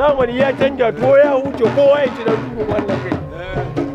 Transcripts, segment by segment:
zamani ya canja ko ya huce kowa ya ci da dukkan wannan kai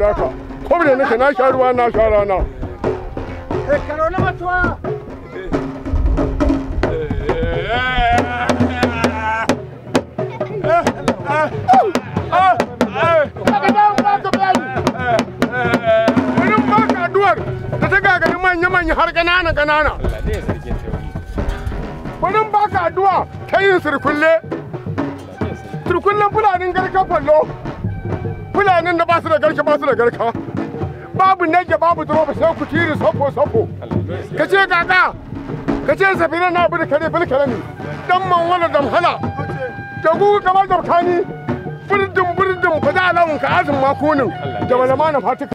saboda haka ko da nake na sha ruwa na sha rana eh, na manya-manya har addu'a ta yin sirkulle. Sirkullen fulanin garkar fallo. fulanin da ba su da garka ba su da garka babu nage babu zama ba sai ku tiri sofo sofo ka ce kaka ka ce safina na abu da kare bilkala ne dan man wala hala da gugu kamar dabkani burdin burdin fa da alawun ka azumma kunin da malama na fatika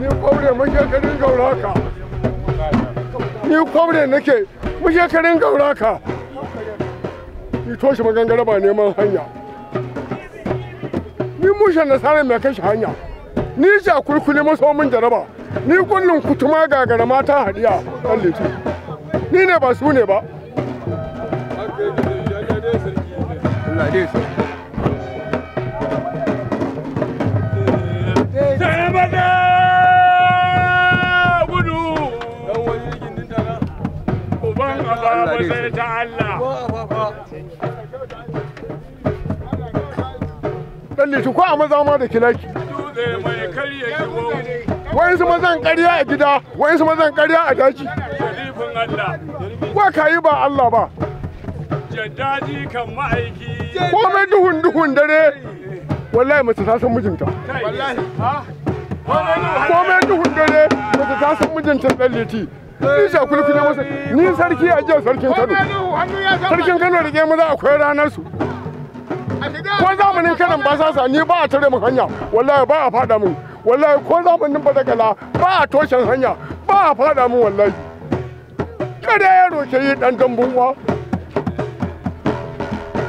ni kwaure mashekarin gauraka ni kwaure nake mashekarin gauraka ni toshe magangara ba neman hanya ni mushe nasara mai kashe hanya ni ja kulkuli maso min jaraba ni kullum kutuma gagara mata hadiya ɗan ni ne ba su ne ba Allah dai sarki Allah ko a maza ma da kilaki wayansu mazan ƙarya a gida wai wayansu mazan ƙarya a daji Wa ka yi ba Allah ba jaddaji kan ma'aiki komai duhun duhun dare wallahi mace ta san mijinta komai duhun dare mace ta san mijinta ɗan ni sha kulkule masa ni sarki a jiya sarkin Kano sarkin Kano da mu za akwai ranar su ko zamanin kanan ba sa ni ba a tare mu hanya wallahi ba a fada mun wallahi ko zamanin ba dagala ba a toshen hanya ba a fada mun wallahi kada ya roke yi dan dambun wa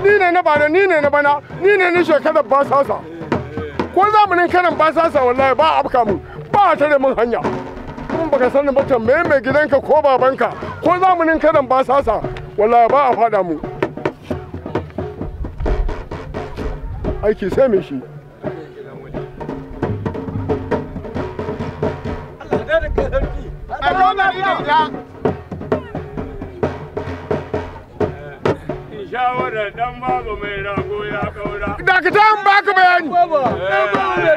ni ne na bana ni ne na bana ni ne na shekarar ba sa ko zamanin kanan ba sa wallahi ba a afka mun ba a tare mun hanya in baka sani ba ta mai gidanka ko babanka ko zamanin kadan ba sasa wallahi ba a fada mu aiki sai mai shi Shawarar dan babu mai rago ya kaura. Dakata an baka bayani. Eh.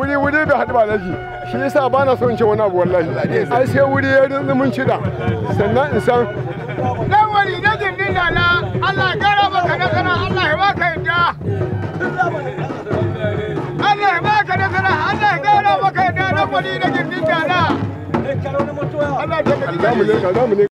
wuri wuri bai haɗu ba da shi shi yasa ba na son ce wani abu wallahi ai sai wuri ya rinzi mun shida sannan in san dan wani na jirgin da na Allah gara maka na Allah ya baka yadda Allah ya baka na Allah ya gara maka yadda dan wani na jirgin da na Allah ya baka yadda